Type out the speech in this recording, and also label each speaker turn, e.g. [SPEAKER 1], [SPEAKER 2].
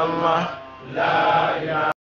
[SPEAKER 1] illallah, la ilaha